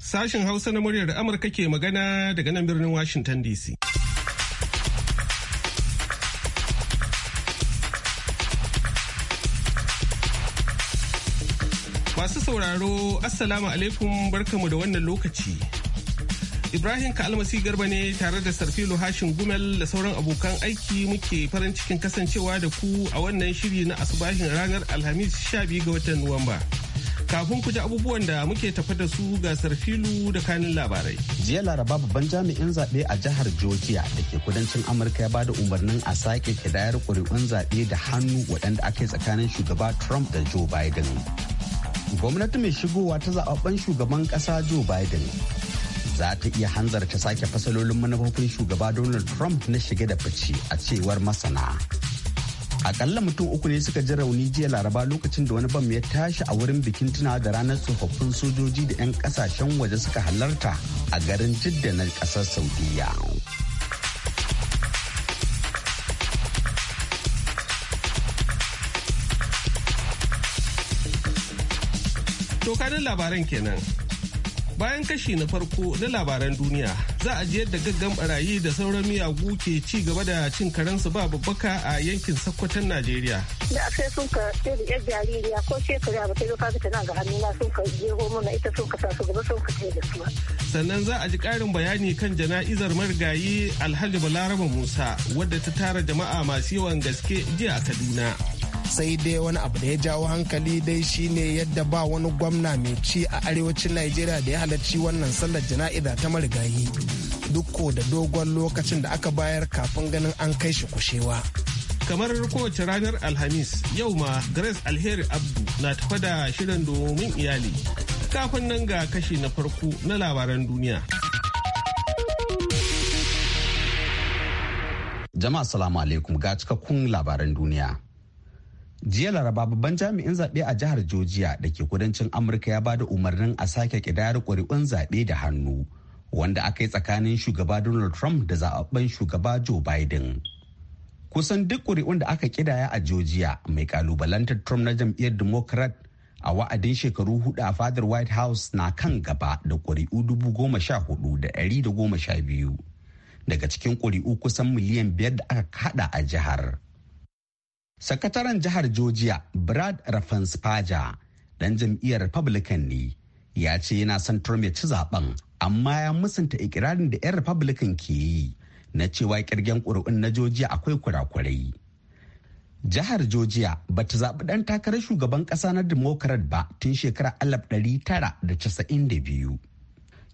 Sashen Hausa na muryar Amurka ke magana daga nan birnin Washington DC. Masu sauraro, Assalamu alaikum barkamu da wannan lokaci. Ibrahim Kalmasi Garba ne tare da Sarfilo Hashin Gumel da sauran abokan aiki muke farin cikin kasancewa da ku a wannan shiri na asubahin ranar Alhamis 12 ga watan Nuwamba. Kafin ku ji abubuwan da muke tafa da su ga Sarfilu da kanin labarai. Jiya Laraba babban jami'in zaɓe a jihar Georgia da ke kudancin Amurka ya bada umarnin a sake kidayar ƙuri'un zaɓe da hannu waɗanda aka tsakanin shugaba Trump da Joe Biden. Gwamnati mai shigowa ta zaɓaɓɓen shugaban ƙasa Joe Biden za ta iya hanzarta sake fasalolin manufofin shugaba donald trump na shige da fice a cewar masana akalla mutum uku ne suka ji rauni jiya laraba lokacin da wani bam ya tashi a wurin bikin tunawa da ranar tsofaffin sojoji da 'yan kasashen waje suka halarta a garin jidda na kasar saudiya kanin labaran kenan Bayan kashi na farko na labaran duniya za a ji yadda gaggan barayi da sauran miyagu ke ci gaba da cin karensu ba babbaka a yankin sakkwatan Najeriya. Da sai sun ka jaririya ko shekara ba ta tana ga hannuna sun ka jeho mana ita sun ka gaba sun ka da su. Sannan za a ji karin bayani kan jana'izar marigayi Alhaji Balaraba Musa wadda ta tara jama'a masu yawan gaske jiya a Kaduna. sai dai wani abu da ya jawo hankali dai shine yadda ba wani gwamna mai ci a arewacin najeriya da ya halarci wannan sallar jana'iza ta marigayi dukko da dogon lokacin da aka bayar kafin ganin an kai shi kushewa kamar kowace ranar alhamis yau ma grace alheri abdu na tafa da shirin domin iyali kafin nan ga kashi na farko na labaran duniya jama'a salamu alaikum ga cikakkun labaran duniya jiya laraba babban jami'in zaɓe a jihar georgia da ke kudancin amurka ya bada umarnin a sake kidayar ƙuri'un zaɓe da hannu wanda aka yi tsakanin shugaba donald trump da zaɓaɓɓen shugaba joe biden kusan duk ƙuri'un da aka kidaya a georgia mai kalubalantar trump na jam'iyyar democrat a wa'adin shekaru hudu a fadar white house na kan gaba da ƙuri'u dubu goma sha hudu da ɗari da goma sha biyu daga cikin ƙuri'u kusan miliyan biyar da aka kada a jihar. sakataren jihar georgia brad rafanspaja dan jam'iyyar republican ne ya ce yana son trump ya ci zaben amma ya musanta ikirarin da 'yan republican ke yi na cewa kirgen ƙuri'un na georgia akwai kurakurai jihar georgia ba ta zaɓi ɗan takarar shugaban ƙasa na democrat ba tun shekarar 1992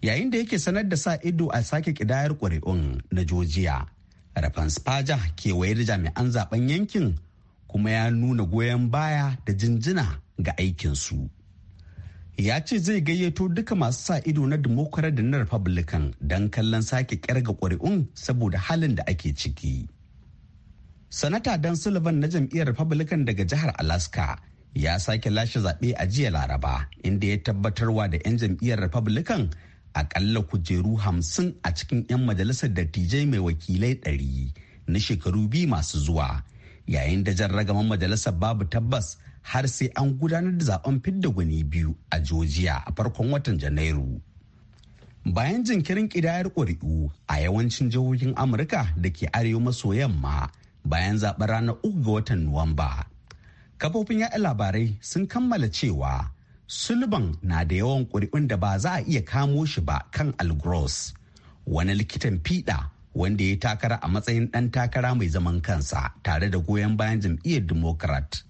yayin da yake sanar da sa ido a sake kidayar ƙuri'un na georgia rafan spaja kewaye da jami'an zaben yankin kuma ya nuna goyon baya da jinjina ga aikinsu. Ya ce zai gayyato duka masu sa ido na Democrat da na Republican don kallon sake kyarga ƙuri'un saboda halin da ake ciki. Sanata Dan Sullivan na jam'iyyar Republican daga jihar Alaska ya sake lashe zaɓe a jiya Laraba inda ya tabbatarwa da 'yan jam'iyyar Republican aƙalla kujeru hamsin a cikin 'yan majalisar dattijai mai wakilai ɗari na shekaru biyu masu zuwa. yayin da jan ragaman majalisar babu tabbas har sai an gudanar da zaben fidda gwani biyu a Georgia a farkon watan Janairu. Bayan jinkirin kidayar ƙuri'u a yawancin jihohin Amurka da ke arewa maso yamma bayan zaɓen ranar uku ga watan Nuwamba. Kafofin yaɗa labarai sun kammala cewa sulban na da yawan ƙuri'un da ba za a iya kamo shi ba kan Algros, wani likitan fiɗa wanda ya takara a matsayin ɗan takara mai zaman kansa tare da goyon bayan jam'iyyar democrat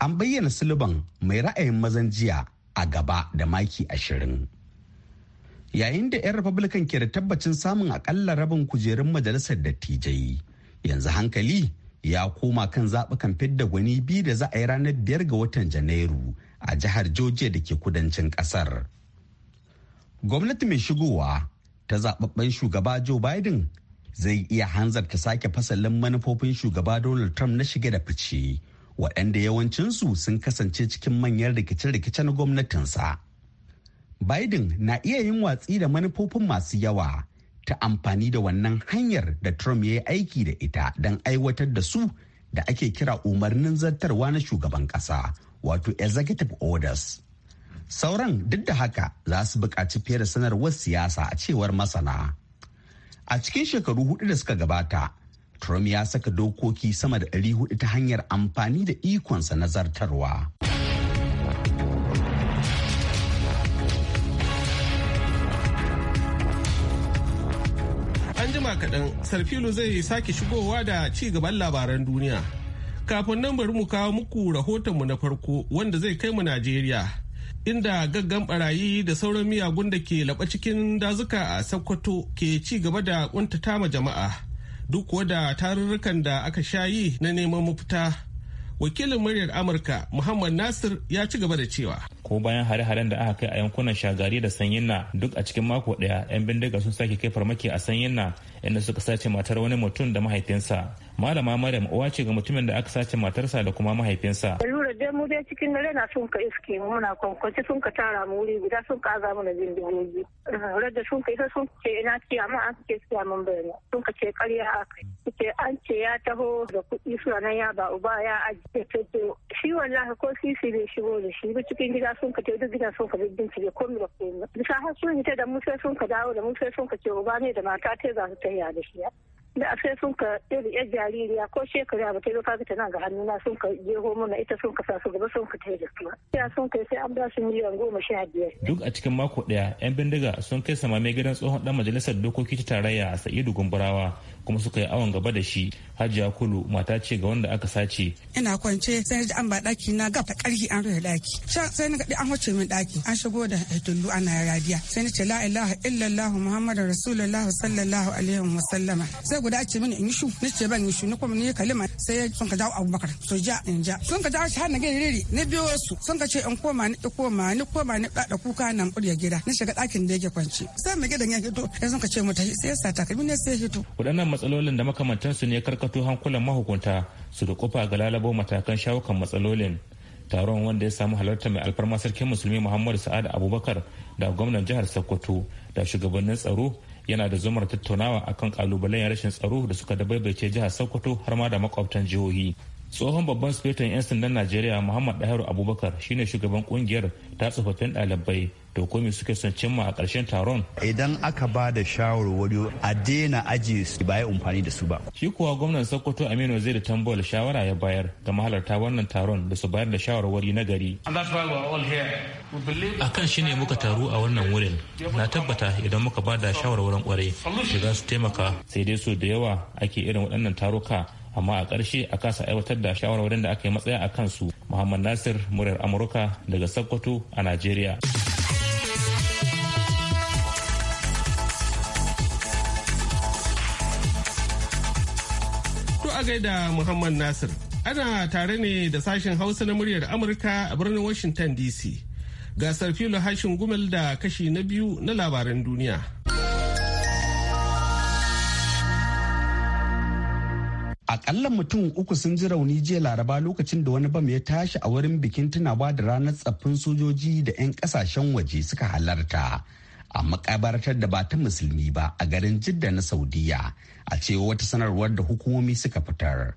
an bayyana sulban mai ra'ayin mazan jiya a gaba da maki ashirin yayin da 'yan republican ke da tabbacin samun akalla rabin kujerun majalisar dattijai yanzu hankali ya koma kan zaɓukan fidda gwani biyu da za a yi ranar biyar ga watan janairu a jihar georgia da ke kudancin ƙasar gwamnati mai shigowa ta zababben shugaba Joe Biden zai iya hanzarta sake fasalin manufofin shugaba Donald Trump na shige da fice waɗanda yawancinsu sun kasance cikin manyan rikice-rikice na gwamnatinsa. Biden na iya yin watsi da manufofin masu yawa ta amfani da wannan hanyar da Trump ya yi aiki da ita don aiwatar da su da ake kira umarnin zartarwa na shugaban ƙasa wato executive orders. Sauran duk da haka za su buƙaci fiye da sanarwar siyasa a cewar masana. A cikin shekaru hudu da suka gabata, Trump ya saka dokoki sama da ɗari huɗu ta hanyar amfani da ikonsa na zartarwa. An jima kaɗan, Sarfilu zai sake shigowa da ci gaban labaran duniya. Kafin nan bari mu kawo muku rahotonmu na farko wanda zai kai mu Najeriya. inda gaggan barayi da sauran miyagun da ke laba cikin dazuka a Sokoto ke ci gaba da kuntata ma jama'a. Duk kuwa da tarurrukan da aka sha yi na neman mafita. Wakilin muryar Amurka Muhammad Nasir ya ci gaba da cewa. ko bayan hare-haren da aka kai a yankunan shagari da sanyin na duk a cikin mako daya 'yan bindiga sun sake kai farmaki a sanyin na inda suka sace matar wani mutum da mahaifinsa malama maryam uwa ce ga mutumin da aka sace matarsa da kuma mahaifinsa lura dai mu dai cikin dare na sun ka iske mu muna kwankwanci sun ka tara mu wuri guda sun ka aza mana lura da sun ka isa sun ce ina ce amma an ce su mun bayani sun ka ce karya kai. ce an ce ya taho da kuɗi suna nan ya ba uba ya ajiye ta ce shi wallahi ko sisi bai shigo da shi cikin gida sun ka ce duk gida sun ka bincike ko da komai bisa har sun ta da mu sai sun ka dawo da mu sai sun ka ce uba ne da mata ta za su tayya da shi da sai sun ka iri yar jaririya ko shekara ba ta zo kaga tana ga hannuna sun ka homo na ita sun ka sa su gaba sun ka tai da su ya sun kai sai an ba su miliyan goma sha biyar. duk a cikin mako daya yan bindiga sun kai mai gidan tsohon dan majalisar dokoki ta tarayya a sa'idu gumburawa kuma suka yi awon gaba da shi hajiya kulu mata ce ga wanda aka sace. ina kwance sai ji an ba daki na gaba karhi an rufe daki sai na an wuce min daki an shigo da tullu ana radiya sai ni ce la ilaha illallah muhammadu rasulullah sallallahu alaihi yi musallama sai guda ce mini in yi shu ni ce ban yi shu ni kuma ni kalima sai sun ka dawo abubakar to ja in ja sun ka dawo shi har na gani riri ni biyo su sun ka ce in koma ni koma ni koma ni da kuka nan ƙurya gida ni shiga ɗakin da yake kwance sai mu gidan ya hito sai sun ka ce mata sai sa takalmi ne sai hito. waɗannan matsalolin da su ne karkato hankulan mahukunta su da kofa ga lalabo matakan shawo kan matsalolin taron wanda ya samu halarta mai alfarma sarkin musulmi muhammadu sa'ad abubakar da gwamnan jihar sokoto da shugabannin tsaro yana da zumar tattaunawa akan kalubalen rashin tsaro da suka dabaibace jihar sokoto har ma da makwabtan jihohi tsohon babban sufetan 'yan sandan najeriya muhammad dahiru abubakar shine shugaban kungiyar ta tsofaffin ɗalibai da komi suke son cimma a ƙarshen taron idan aka ba da shawarwari a daina aji su ba ya amfani da su ba shi kuwa gwamnan sokoto aminu zai da tambayar shawara ya bayar ga mahalarta wannan taron da su bayar da shawarwari na gari akan shi ne muka taru a wannan wurin na tabbata idan muka ba da shawarwarin kwarai da za su taimaka sai dai su da yawa ake irin waɗannan taruka amma a ƙarshe a kasa aiwatar da shawarwarin da aka yi matsaya a kansu muhammad nasir muryar amurka daga sokoto a najeriya gaida Muhammad Nasir. Ana tare ne da sashen Hausa na muryar Amurka a birnin Washington DC. ga filo hashin gumel da kashi na biyu na labaran duniya. Akalla mutum uku sun ji rauni jiya laraba lokacin da wani bam ya tashi a wurin bikin tunawa da ranar tsaffin sojoji da 'yan kasashen waje suka halarta. a makabartar da ba ta musulmi ba a garin jidda na saudiya a cewa wata sanarwar da hukumomi suka fitar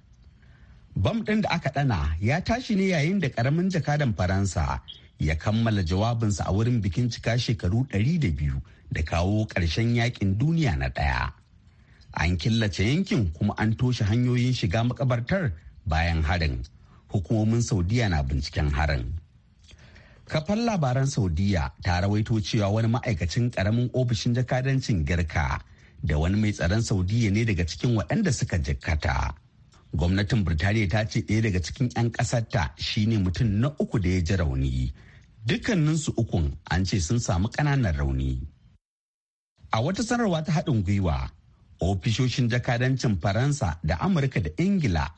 bam ɗin da aka ɗana ya tashi ne yayin da ƙaramin jakadan faransa ya kammala jawabinsa a wurin bikin cika shekaru 200 da kawo ƙarshen yakin duniya na ɗaya an killace yankin kuma an toshe hanyoyin shiga makabartar bayan harin hukumomin saudiya na binciken harin kafar labaran saudiya ta rawaito cewa wani ma'aikacin karamin ofishin jakadancin girka da wani mai tsaron saudiya ne daga cikin waɗanda suka jikkata gwamnatin birtaniya ta ce ɗaya daga cikin 'yan ƙasarta shine mutum na uku da ya ji rauni dukkaninsu ukun an ce sun samu ƙananan rauni a wata sanarwa ta haɗin gwiwa ofishoshin jakadancin faransa da amurka da ingila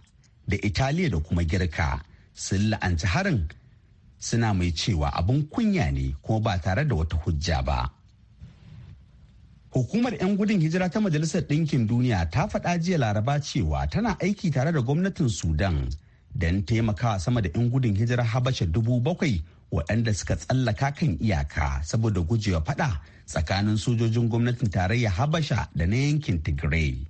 da italiya da kuma girka sun la'anci harin suna mai cewa abin kunya ne kuma ba tare da wata hujja ba. Hukumar 'yan gudun hijira ta Majalisar Ɗinkin Duniya ta faɗa jiya Laraba cewa tana aiki tare da gwamnatin Sudan don taimakawa sama da 'yan gudun hijira Habasha dubu bakwai waɗanda suka tsallaka kan iyaka saboda gujewa faɗa tsakanin sojojin gwamnatin tarayya Habasha da na yankin Tigray.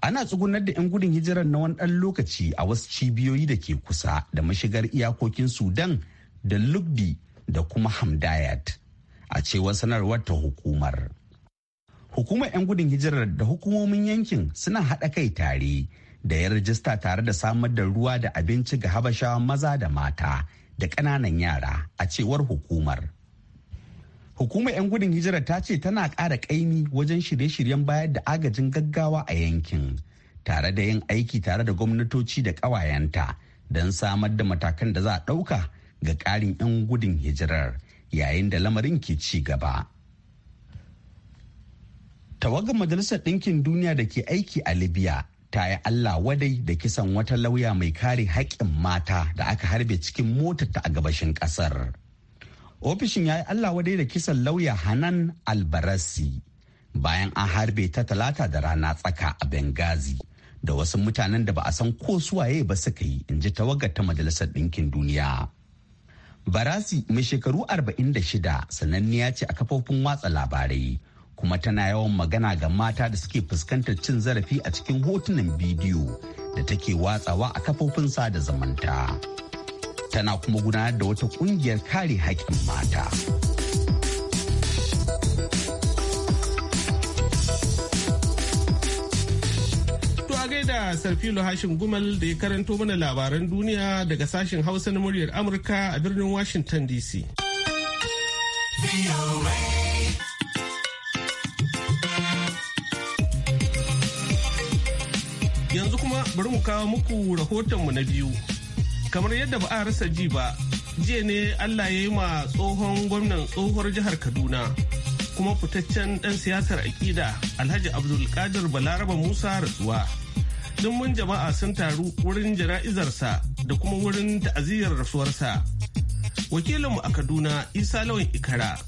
ana tsugunar da 'yan gudun hijirar na wani ɗan lokaci a wasu cibiyoyi da ke kusa da mashigar iyakokin sudan da lubdi da kuma hamdayat a cewar sanarwar ta hukumar hukumar 'yan gudun hijirar da hukumomin yankin suna haɗa kai tare da ya rajista tare da samar da ruwa da abinci ga habashawa maza da mata da ƙananan yara a cewar hukumar Hukumar 'yan gudun hijira ta ce tana ƙara ƙaimi wajen shirye-shiryen bayar da agajin gaggawa a yankin, tare da yin aiki tare da gwamnatoci da ƙawayenta don samar da matakan da za a ɗauka ga ƙarin 'yan gudun hijirar yayin da lamarin ke ci gaba. Tawagar Majalisar Ɗinkin Duniya da ke aiki a Libya ta yi Allah wadai da kisan wata lauya mai kare haƙƙin mata da aka harbe cikin motarta a gabashin ƙasar. ofishin ya yi allah wadai da kisan lauya hanan albarasi bayan an harbe ta talata da rana tsaka a benghazi da wasu mutanen da ba a san ko suwaye ba suka yi in ji tawagar ta majalisar ɗinkin duniya barasi mai shekaru 46 sananniya ce a kafofin watsa labarai kuma tana yawan magana ga mata da suke fuskantar cin zarafi a cikin hotunan bidiyo da take watsawa a kafofin sada zumunta. tana kuma gudanar da wata kungiyar kare haƙƙin mata. gaida Sarfilo Hashin Gumal da ya karanto mana labaran duniya daga sashen Hausa na muryar Amurka a birnin Washington DC. Yanzu kuma bari mu kawo muku rahotonmu na biyu. kamar yadda ba a rasa ji ba jiya ne allah ya yi ma tsohon gwamnan tsohuwar jihar kaduna kuma fitaccen dan siyasar akida alhaji abdulkadir balaraba musa rasuwa mun jama'a sun taru wurin jana'izarsa da kuma wurin ta'aziyar rasuwarsa wakilinmu a kaduna isa lawan ikara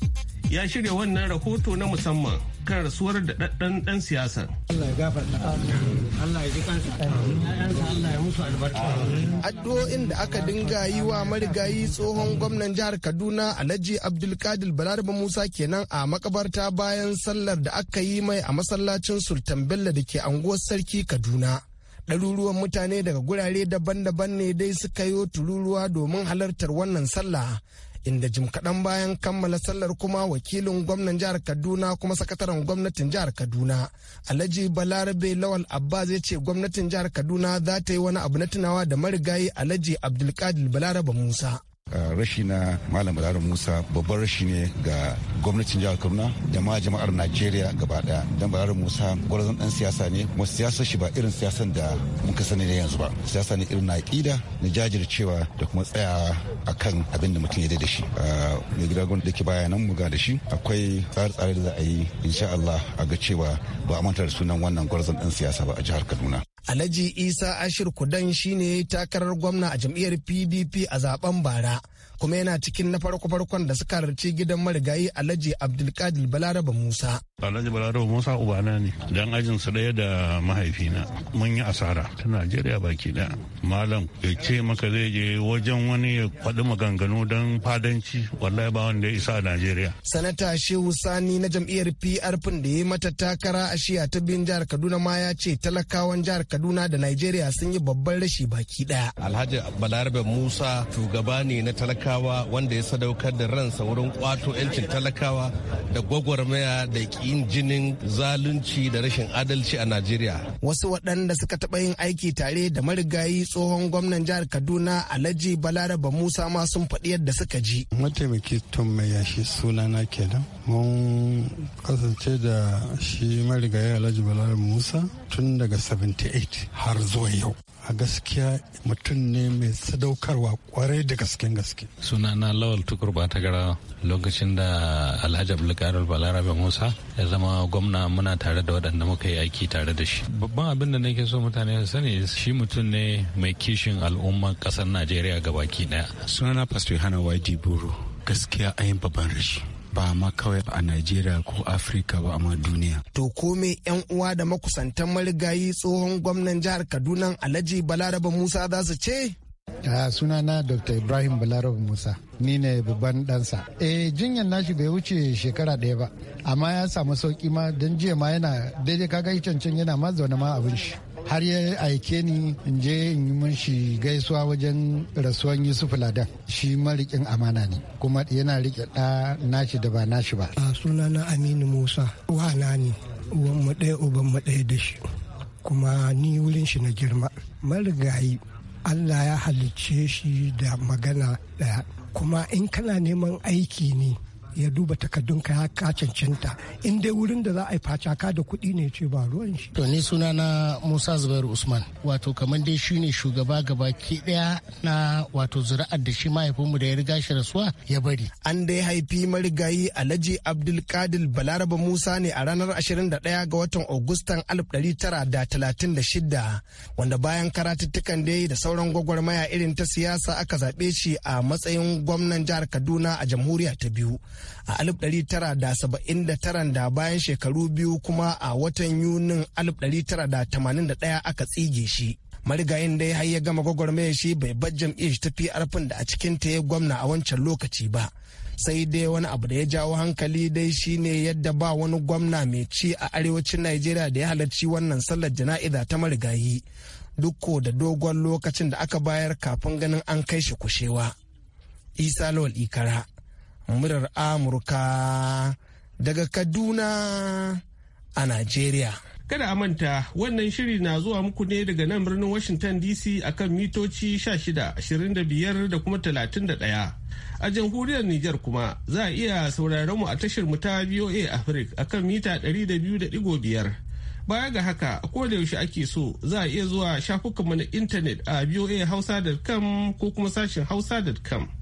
ya shirya wannan rahoto na musamman kan rasuwar da ɗan ɗan siyasar. Allah ya gafarta. Allah ya ji kansa. Allah ya musu albarka. Addu'o'in da aka dinga yi wa marigayi tsohon gwamnan jihar Kaduna Alhaji Abdulkadir balarba Musa kenan a makabarta bayan sallar da aka yi mai a masallacin Sultan Bello da ke anguwar Sarki Kaduna. ɗaruruwan mutane daga gurare daban-daban ne dai suka yi tururuwa domin halartar wannan sallah inda jim kaɗan bayan kammala sallar kuma wakilin gwamnan jihar kaduna kuma sakataren gwamnatin jihar kaduna alhaji balarabe lawal abba zai ce gwamnatin jihar kaduna za ta yi wani abu na tunawa da marigayi alhaji abdulkadir balarabe musa Eh, rashi na malam Bala Musa babban rashi ne ga gwamnatin jihar Kaduna da ma jama'ar Najeriya gaba daya dan Bala Musa gwarzon dan siyasa ne kuma siyasar shi ba irin siyasan da muka sani ne yanzu ba siyasa ne irin na aƙida na jajircewa da kuma a akan abin da mutum ya da shi eh, mai gida gwamnati da ke bayanan mu ga da shi akwai tsare-tsare da za a yi insha Allah a ga cewa ba a da sunan wannan gwarzon dan siyasa ba a jihar Kaduna Alhaji Isa Ashir Kudan shine takarar gwamna a jam'iyyar PDP a zaben bara kuma yana cikin na farko-farkon da suka rarci gidan marigayi Alhaji Abdulkadir Balaraba Musa. Alhaji Balarabu Musa ubana ne dan ajin su ɗaya da mahaifina mun yi asara ta Najeriya baki ɗaya. Malam ya ce maka zai je wajen wani ya faɗi maganganu don fadanci wallahi ba wanda ya isa a Najeriya. Sanata Shehu Sani na jam'iyyar PRP da ya mata takara a shiya ta biyun jihar Kaduna ma ya ce talakawan jihar Kaduna da Najeriya sun yi babban rashi baki ɗaya. Alhaji Balarabe Musa shugaba ne na talakawa wanda ya sadaukar da ransa wurin kwato 'yancin talakawa da gwagwarmaya da ki Yin jinin zalunci da rashin adalci a Najeriya. Wasu waɗanda suka taɓa yin aiki tare da marigayi tsohon gwamnan jihar Kaduna Alhaji Balaraba Musa ma sun faɗi yadda suka ji. Mataimaki Tom Mai Yashi sunana kenan. mun kasance da shi marigayi alhaji bala musa tun daga 78 har zuwa yau a gaskiya mutum ne mai sadaukarwa kwarai da gasken gaske. suna na lawal tukur ba ta gara lokacin da alhaji abdulkarar balarabe musa ya zama gwamna muna tare da waɗanda muka yi aiki tare da shi babban abin da nake so mutane su sani shi mutum ne mai kishin al'ummar ƙasar najeriya gabaki ɗaya suna na pastor yohana wadi buru gaskiya ayin babban rashi ba ma kawai a Najeriya ko Afirka ba amma duniya. To kome yan uwa da makusantan marigayi tsohon gwamnan jihar Kaduna Alhaji Balaraba Musa za su ce? Uh, ah, na Dr. Ibrahim Balaraba Musa. ni ne babban ɗansa. Eh jinyar nashi bai wuce shekara ɗaya ba, amma ya samu sauƙi ma don jiya ma yana daidai kaga cancan yana ma zaune ma abin shi. har ya aike ni in je in yi shi gaisuwa wajen rasuwan yusuf ladan shi marikin amana ne kuma yana rike ɗa nashi da ba nashi ba a sunana aminu musa wa na ni uwan mu ɗaya uban mu ɗaya da shi kuma ni wurin shi na girma marigayi allah ya halicce shi da magana ɗaya kuma in kana neman aiki ne ya duba takardun ka ka cancanta in dai wurin da za a yi facaka da kuɗi ne ce ba ruwan shi. To ni suna na Musa Zubairu Usman wato kamar dai shi ne shugaba gaba ke ɗaya na wato zura'ar da shi mahaifinmu da ya riga shi rasuwa ya bari. An dai haifi marigayi Alhaji Abdulkadir Balaraba Musa ne a ranar 21 ga watan Agustan shida wanda bayan karatuttukan dai da sauran gwagwarmaya irin ta siyasa aka zaɓe shi a matsayin gwamnan jihar Kaduna a jamhuriya ta biyu. a 1979 da bayan shekaru biyu kuma a watan yunin 1981 aka tsige shi marigayin dai har ya gama gwagwarmaya shi bai bar jam'iyyar ta PRP da a cikin ta ya gwamna a wancan lokaci ba sai dai wani abu da ya jawo hankali dai shine yadda ba wani gwamna mai ci a arewacin Najeriya da ya halarci wannan sallar jana'iza ta marigayi ko da dogon lokacin da aka bayar kafin ganin an kai shi kushewa. Isa Lawal Ikara murar Amurka daga Kaduna a Najeriya. Kada a manta wannan shiri na zuwa muku ne daga nan birnin Washington DC akan mitoci 16, 25 da kuma 31. A jamhuriyar Nijar kuma za a iya sauraron mu a tashar mu ta VOA Africa akan mita 200.5. Baya ga haka, ko da yaushe ake so za a iya zuwa shafukanmu na intanet a voahausa.com ko kuma sashin hausa.com.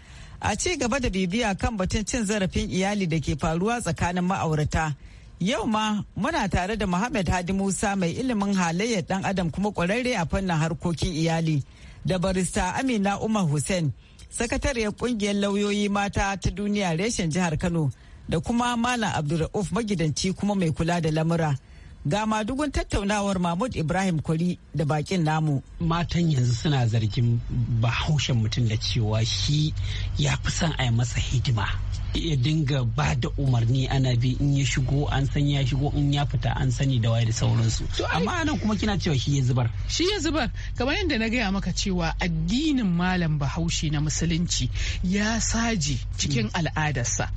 A ci gaba da bibiya kan batun cin zarafin iyali da ke faruwa tsakanin ma'aurata. Yau ma muna tare da Muhammad Hadi Musa mai ilimin halayyar ɗan adam kuma kwararre a fannin harkokin iyali da barista Amina Umar Hussein, sakatariyar ƙungiyar lauyoyi mata ta duniya reshen jihar Kano da kuma Malam Abdulrauf magidanci kuma mai kula da lamura. ga madugun tattaunawar mahmud ibrahim kwari da bakin namu matan yanzu suna zargin bahaushen mutum da cewa shi ya fi son a yi masa hidima ya dinga ba da umarni ana bi in ya shigo an san ya shigo in ya fita an sani da waye da sauransu amma anan kuma kina cewa shi ya zubar shi ya zubar kamar yadda na gaya maka cewa addinin malam bahaushe na musulunci ya saji cikin mm. al'adarsa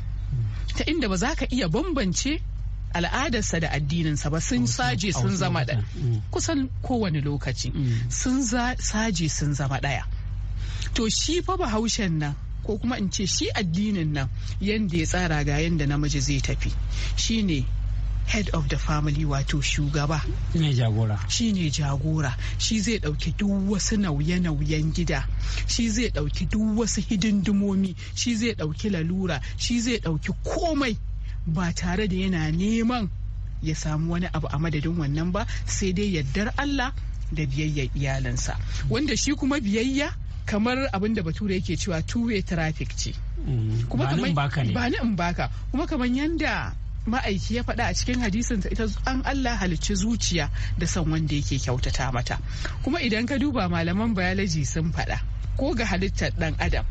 ta inda ba za ka iya bambance al'adarsa da addininsa ba sun saje sun zama ɗaya mm. kusan kowane lokaci mm. sun saje sun zama ɗaya to shi fa bahaushen nan ko kuma in ce shi addinin nan yadda ya tsara ga yadda namiji zai tafi shine head of the family wato shugaba ne jagora shi ne jagora shi zai dauki duk wasu nauye-nauyen gida shi zai dauki duk wasu hidindimomi shi zai dauki lalura shi zai dauki komai ba tare da yana neman ya samu wani abu a madadin wannan ba sai dai yardar Allah da biyayyar iyalansa wanda shi kuma biyayya kamar abin da bature yake cewa two-way traffic ce mm. kuma ba ni in baka kuma kamar yadda ma'aiki ya faɗa a cikin hadisinsa ita an Allah halicci zuciya da san wanda yake kyautata mata kuma idan ka duba malaman biology sun faɗa ko ga halittar ɗan adam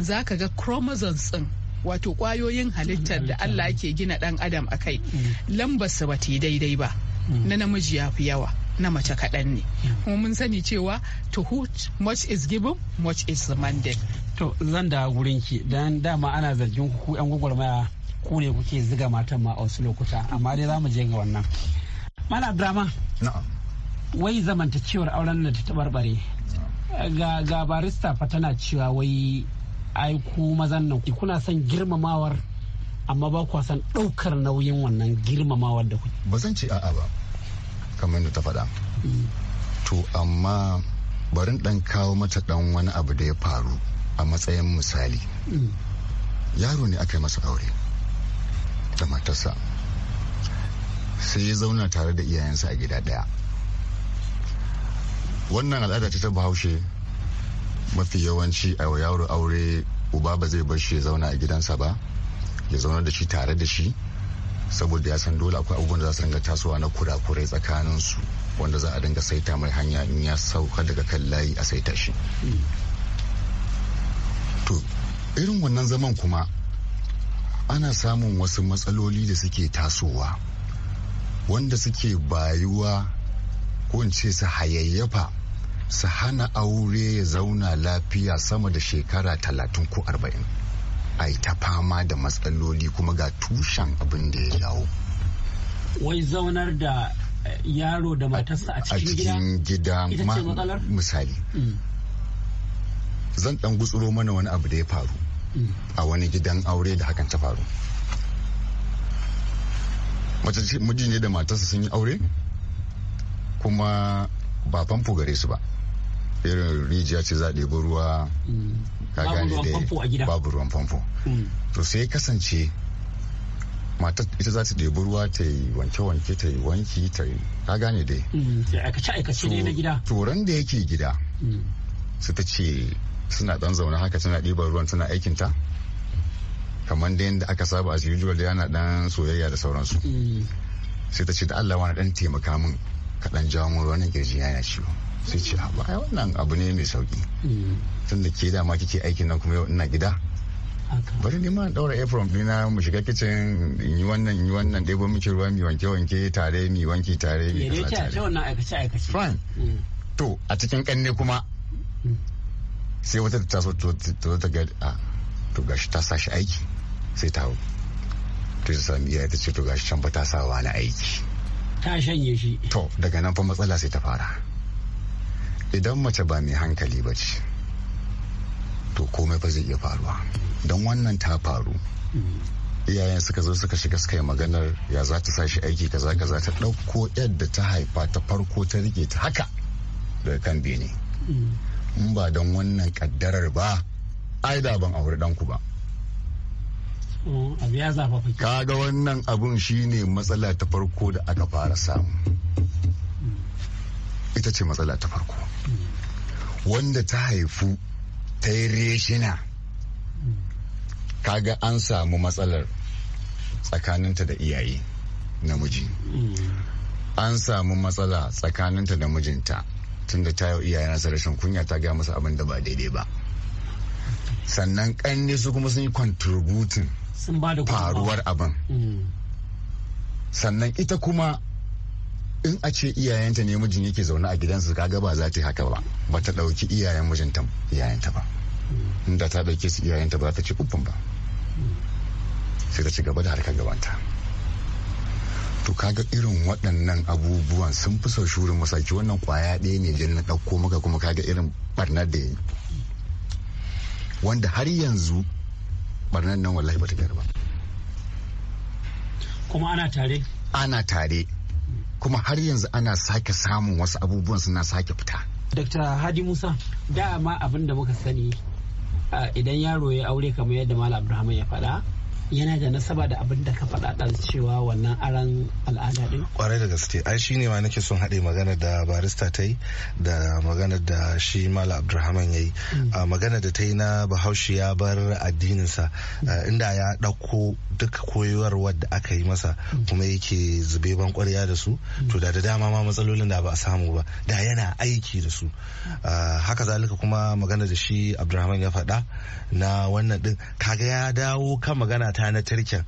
za ka ga chromosomes ɗin wato kwayoyin halittar da Allah ke gina dan adam a kai mm. lambarsa ba ta yi daidai ba mm. na namiji ya fi yawa na mace kaɗan ne kuma mun sani cewa to who much is given much is demanded to zan da wurin ki dan dama ana zargin ku yan gwagwarmaya ku ne kuke ziga matan ma a wasu lokuta amma dai za mu je ga wannan mala drama wai zamantakewar auren da ta tabarbare ga barista fa tana cewa wai ai mazan nan kuna son girmamawar amma ba kwa son ɗaukar nauyin wannan girmamawar da kuke ba zan ce a'a ba kamar yadda ta faɗa mm. to amma barin ɗan kawo mata ɗan wani abu da ya faru a matsayin misali mm. yaro ne aka yi masa aure da matarsa sai ya zauna tare da iyayensa a gida ɗaya wannan al'ada ta ta bahaushe mafi yawanci a yaro aure uba ba zai bar shi ya zauna a gidansa ba ya zauna da shi tare da shi saboda ya san dole akwai abubuwan da za su dinga tasowa na kurakurai tsakanin su wanda za a dinga saita mai hanya in ya sauka daga kan layi a saita shi to irin wannan zaman kuma ana samun wasu matsaloli da suke tasowa wanda suke bayuwa ko in ce su hayayyafa su hana aure ya zauna lafiya sama da shekara talatin ko arba'in a ta fama da matsaloli kuma ga tushen abin da ya jawo wai zaunar da eh, yaro da matarsa a cikin gida misali mm. zan dan gutsuro mana wani abu da ya faru mm. a wani gidan aure da hakan ta faru miji ne da matarsa sun yi aure kuma ba famfo gare su ba irin rijiya ce za a ɗebi ruwa ka gane da babu ruwan famfo to sai ya kasance matar ita za ta ɗebi ruwa ta yi wanke-wanke ta yi wanki ta yi ka gane da mm. aikace-aikace ne na gida turan da yake gida mm. su ta ce suna ɗan zaune haka tana ɗiban ruwan tana aikinta kamar da yadda aka saba a usual da yana ɗan soyayya da sauransu mm. sai ta ce da Allah wani ɗan taimaka min ka ɗan jawo mun ruwan girji yana ciwo sai ce a baya wannan abu ne mai sauki mm. tun da ke dama kike aikin nan kuma yau ina gida bari ne ma daura apron dina mu shiga kicin in yi wannan in yi wannan dai ba miki ruwa mi wanke wanke tare mi wanke tare mi kaza tare wannan aikace aikace fine mm. to a cikin kanne kuma mm. sai wata ta taso to ta ga a to gashi ta sashi aiki sai ta hau to ta sami iyaye ta ce to gashi can ba ta sa na aiki ta shanye shi to daga nan fa matsala sai ta fara idan mace ba mai hankali ba ce to komai ba zai iya faruwa don wannan ta faru iyayen suka zo suka shiga suka yi maganar ya za ta sashi aiki kaza kaza ta ɗauko yadda ta haifa ta farko ta rike ta haka daga kan bene in ba don wannan kaddarar ba ai da ban aure ɗanku ba kaga wannan abun shine matsala ta farko da aka fara samu ita ce matsala ta farko wanda ta haifu ta yi reshina kaga an samu matsalar tsakaninta da iyaye namiji an samu matsala tsakaninta da mijinta tunda ta yi iyaye nasa rashin kunya ta gaya masa abin da ba daidai ba sannan kanne su kuma sun yi contributing faruwar abin mm. sannan ita kuma in a ce iyayenta ne mijin yake zaune a gidansu kaga ba za ta yi haka ba ba ta ɗauki iyayen mijinta iyayenta ba inda ta ɗauke su iyayenta ba za ta ci uffin ba sai ta ci gaba da harkar gabanta to kaga irin waɗannan abubuwan sun fi sau shurin masaki wannan kwaya ɗaya ne jan na ɗauko maka kuma kaga irin barnar da ya yi wanda har yanzu barnar nan wallahi ba ta ba kuma ana tare ana tare kuma har yanzu ana sake samun wasu abubuwan suna sake fita Dr. Hadi Musa da ma abin da muka sani idan yaro ya aure kamar yadda Malam Abdulrahman ya faɗa yana da nasaba da abin da ka faɗa ɗan cewa wannan aran al'ada ɗin? Kwarai da gaske, ai shi ne ma nake son haɗe magana da barista ta yi da magana da shi Mala Abdulrahman ya yi. Hmm. Magana da ta yi na Bahaushe ya bar addininsa hmm. eh, inda ya ɗauko duka koyarwar da aka yi masa hmm. kuma yake zube ban ƙwarya da su to da da dama ma matsalolin da ba a samu ba da yana aiki da su. Haka zalika kuma magana da shi Abdulrahman ya faɗa na wannan ɗin kaga ya dawo kan magana ta mata na tarkin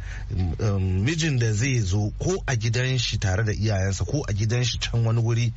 um, mijin da zai zo ko a gidan shi tare da iyayensa ko a gidan shi can wani wuri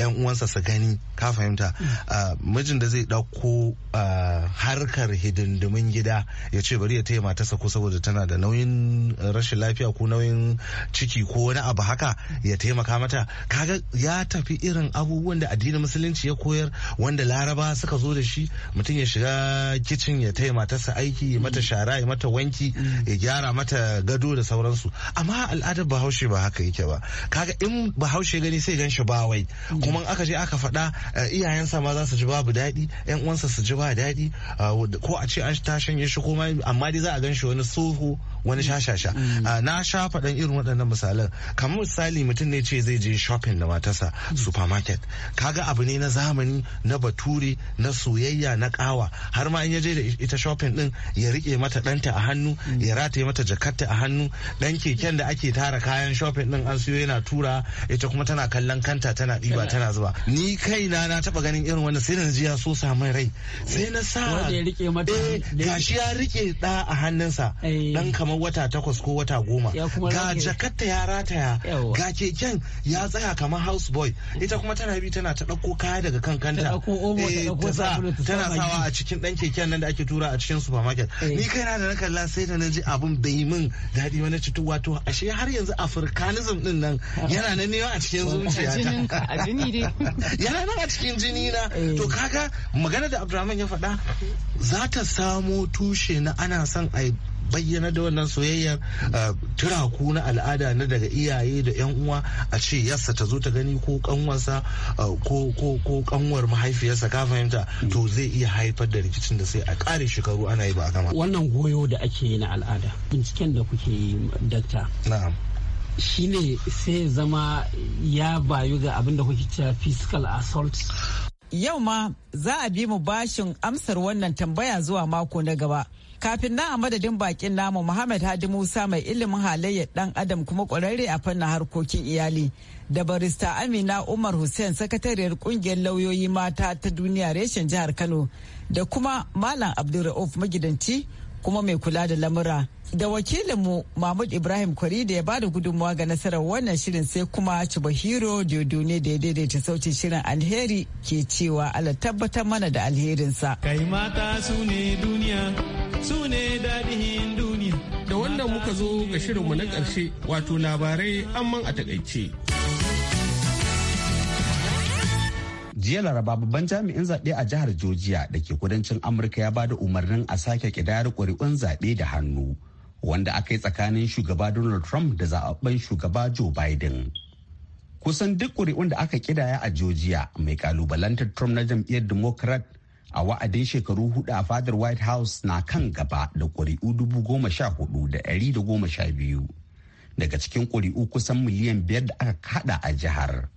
yan uh, uwansa su gani ka fahimta mm. uh, mijin da zai ɗauko uh, harkar hidindimin gida ya ce bari ya taya matarsa ko saboda tana da nauyin rashin lafiya ko nauyin ciki ko wani abu haka mm. ya taimaka mata kaga ya tafi irin abubuwan da addinin musulunci ya koyar wanda laraba suka zo da shi mutum ya shiga kicin ya taya matarsa aiki ya mata mm. shara ya mata wanki ya gyara mata gado da sauransu amma al'adar bahaushe ba haka yake ba kaga in bahaushe gani sai gan shi bawai kuma aka je aka faɗa eh, iyayensa ma za su ji babu daɗi yan uwansa su ji ba daɗi ah, ko a ce an ta shanye shi kuma amma dai za a gan shi wani tsoho wani mm. shashasha mm. Ah, na sha faɗan irin waɗannan misalan kamar misali mutum ne ce zai je shopping da matarsa mm. supermarket kaga abu ne na zamani na bature na soyayya na kawa har ma in ya je da ita shopping din ya rike mata ɗanta a hannu ya rataye mata jakarta a hannu dan keken da ake tara kayan shopping din an siyo yana tura ita kuma tana kallon kanta tana ɗiba tana zuba ni kaina na taɓa ganin irin wannan sai na ji ya so samun rai sai na sa eh, gashi ya rike ɗa a hannunsa eh. ɗan kamar kamar wata takwas ko wata goma ga jakarta ya rataya ga keken ya tsaya kamar house boy ita kuma tana bi tana ta ɗauko kaya daga kan kanta tana sawa a cikin ɗan keken nan da ake tura a cikin supermarket eh. ni kaina da na kalla sai da na ji abin bai min daɗi wani cutu wato ashe har yanzu africanism din nan yana nan ne a cikin zuciya yana nan a cikin jini na eh. to kaga magana da abdulrahman ya faɗa za ta samo tushe na ana son a bayyana da wannan soyayyar turaku na al'ada na daga iyaye da 'yan uwa a ce ta zo ta gani ko kanwarsa ko kanwar mahaifiyarsa ka fahimta to zai iya haifar da rikicin da sai a kare shekaru ana yi ba kama wannan goyo da ake yi na al'ada binciken da kuke yi dakta na'am shine sai zama ya bayu ga abin da kuke cewa physical assault yau ma za a bi mu bashin amsar wannan tambaya zuwa mako na gaba Kafin na a madadin bakin namu Muhammad Hadi Musa mai ilimin halayyar dan Adam kuma kwararre a fannin harkokin iyali da barista Amina Umar Hussein sakatariyar kungiyar lauyoyi mata ta duniya reshen jihar Kano da kuma Malam Abdulrauf magidanci kuma mai kula da lamura. da wakilinmu mahmud ibrahim kwari da ya bada gudunmawa ga nasarar wannan shirin sai kuma chibahiro ne da ya daidaita sautin shirin alheri ke cewa ala tabbatar mana da alherinsa kai mata su ne duniya su ne daɗin duniya da wannan muka zo ga shirinmu na ƙarshe wato labarai amman a takaice jiya laraba babban jami'in zaɓe a jihar georgia da ke kudancin amurka ya ba da umarnin a sake ƙidayar ƙuri'un zaɓe da hannu wanda aka yi tsakanin shugaba donald trump da zaɓaɓɓen shugaba joe biden kusan duk ƙuri'un da aka kidaya a georgia mai kalubalantar trump na jam'iyyar democrat a wa'adin shekaru hudu a fadar white house na kan gaba da ƙuri'u dubu goma sha hudu da ɗari da goma sha biyu daga cikin ƙuri'u kusan miliyan biyar da aka kada a jihar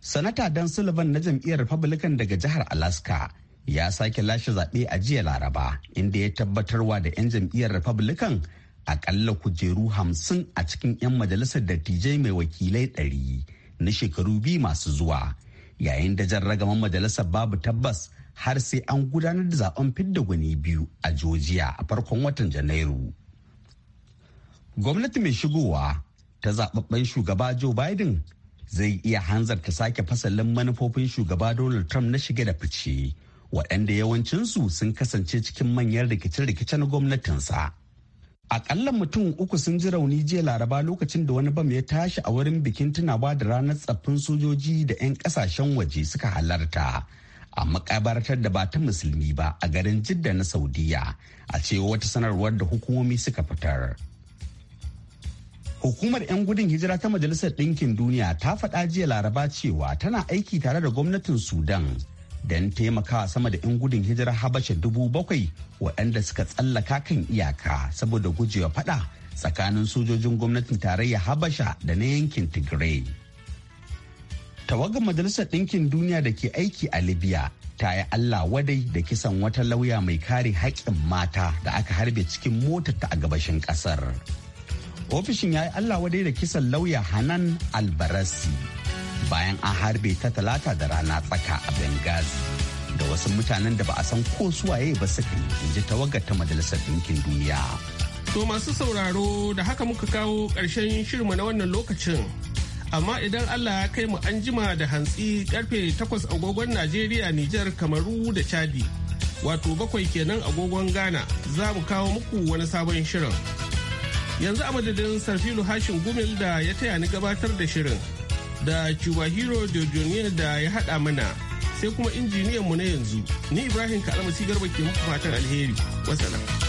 sanata dan sullivan na jam'iyyar republican daga jihar alaska ya sake lashe zaɓe a jiya laraba inda ya tabbatarwa da 'yan jam'iyyar republican akalla kujeru hamsin a cikin 'yan majalisar dattijai mai wakilai ɗari na shekaru biyu masu zuwa yayin da jan ragaman majalisar babu tabbas har sai an gudanar da zaben fidda gwani biyu a jojiya a farkon watan janairu gwamnati mai shigowa ta zababben shugaba joe biden zai iya hanzarta sake fasalin manufofin shugaba donald trump na shige da fice waɗanda yawancinsu sun kasance cikin manyan rikice-rikice na gwamnatinsa. Akalla mutum uku sun ji rauni jiya laraba lokacin da wani bam ya tashi a wurin bikin tunawa da ranar tsaffin sojoji da 'yan kasashen waje suka halarta a makabartar da ba ta musulmi ba a garin Jidda na Saudiya a cewa wata sanarwar da hukumomi suka fitar. Hukumar 'yan gudun hijira ta Majalisar Ɗinkin Duniya ta faɗa jiya Laraba cewa tana aiki tare da gwamnatin Sudan don taimakawa sama da 'yan gudun hijirar habasha dubu bakwai waɗanda suka tsallaka kan iyaka saboda gujewa fada tsakanin sojojin gwamnatin tarayya habasha da na yankin tigray tawagar majalisar ɗinkin duniya da ke aiki a libya ta yi allah wadai da kisan wata lauya mai kare haƙƙin mata da aka harbe cikin motarta a gabashin ƙasar ofishin ya yi allah wadai da kisan lauya hanan albarasi bayan an harbe ta talata da rana tsaka a Benghazi. Da wasu mutanen da ba a san ko suwaye ba suka yi ji tawagar ta Majalisar Dinkin Duniya. To masu sauraro da haka muka kawo ƙarshen shirma na wannan lokacin. amma idan Allah ya kai mu an jima da hantsi karfe takwas agogon Najeriya, Nijar, Kamaru da Chadi. Wato bakwai kenan agogon Ghana za mu kawo muku wani sabon shirin. Yanzu a madadin Sarfilu Hashin Gumil da ya taya ni gabatar da shirin. da Cuba Hero Dodoniyar da ya haɗa mana sai kuma injiniyanmu na yanzu. Ni Ibrahim kalamasi Garba ke muku fatan alheri. Wasalam.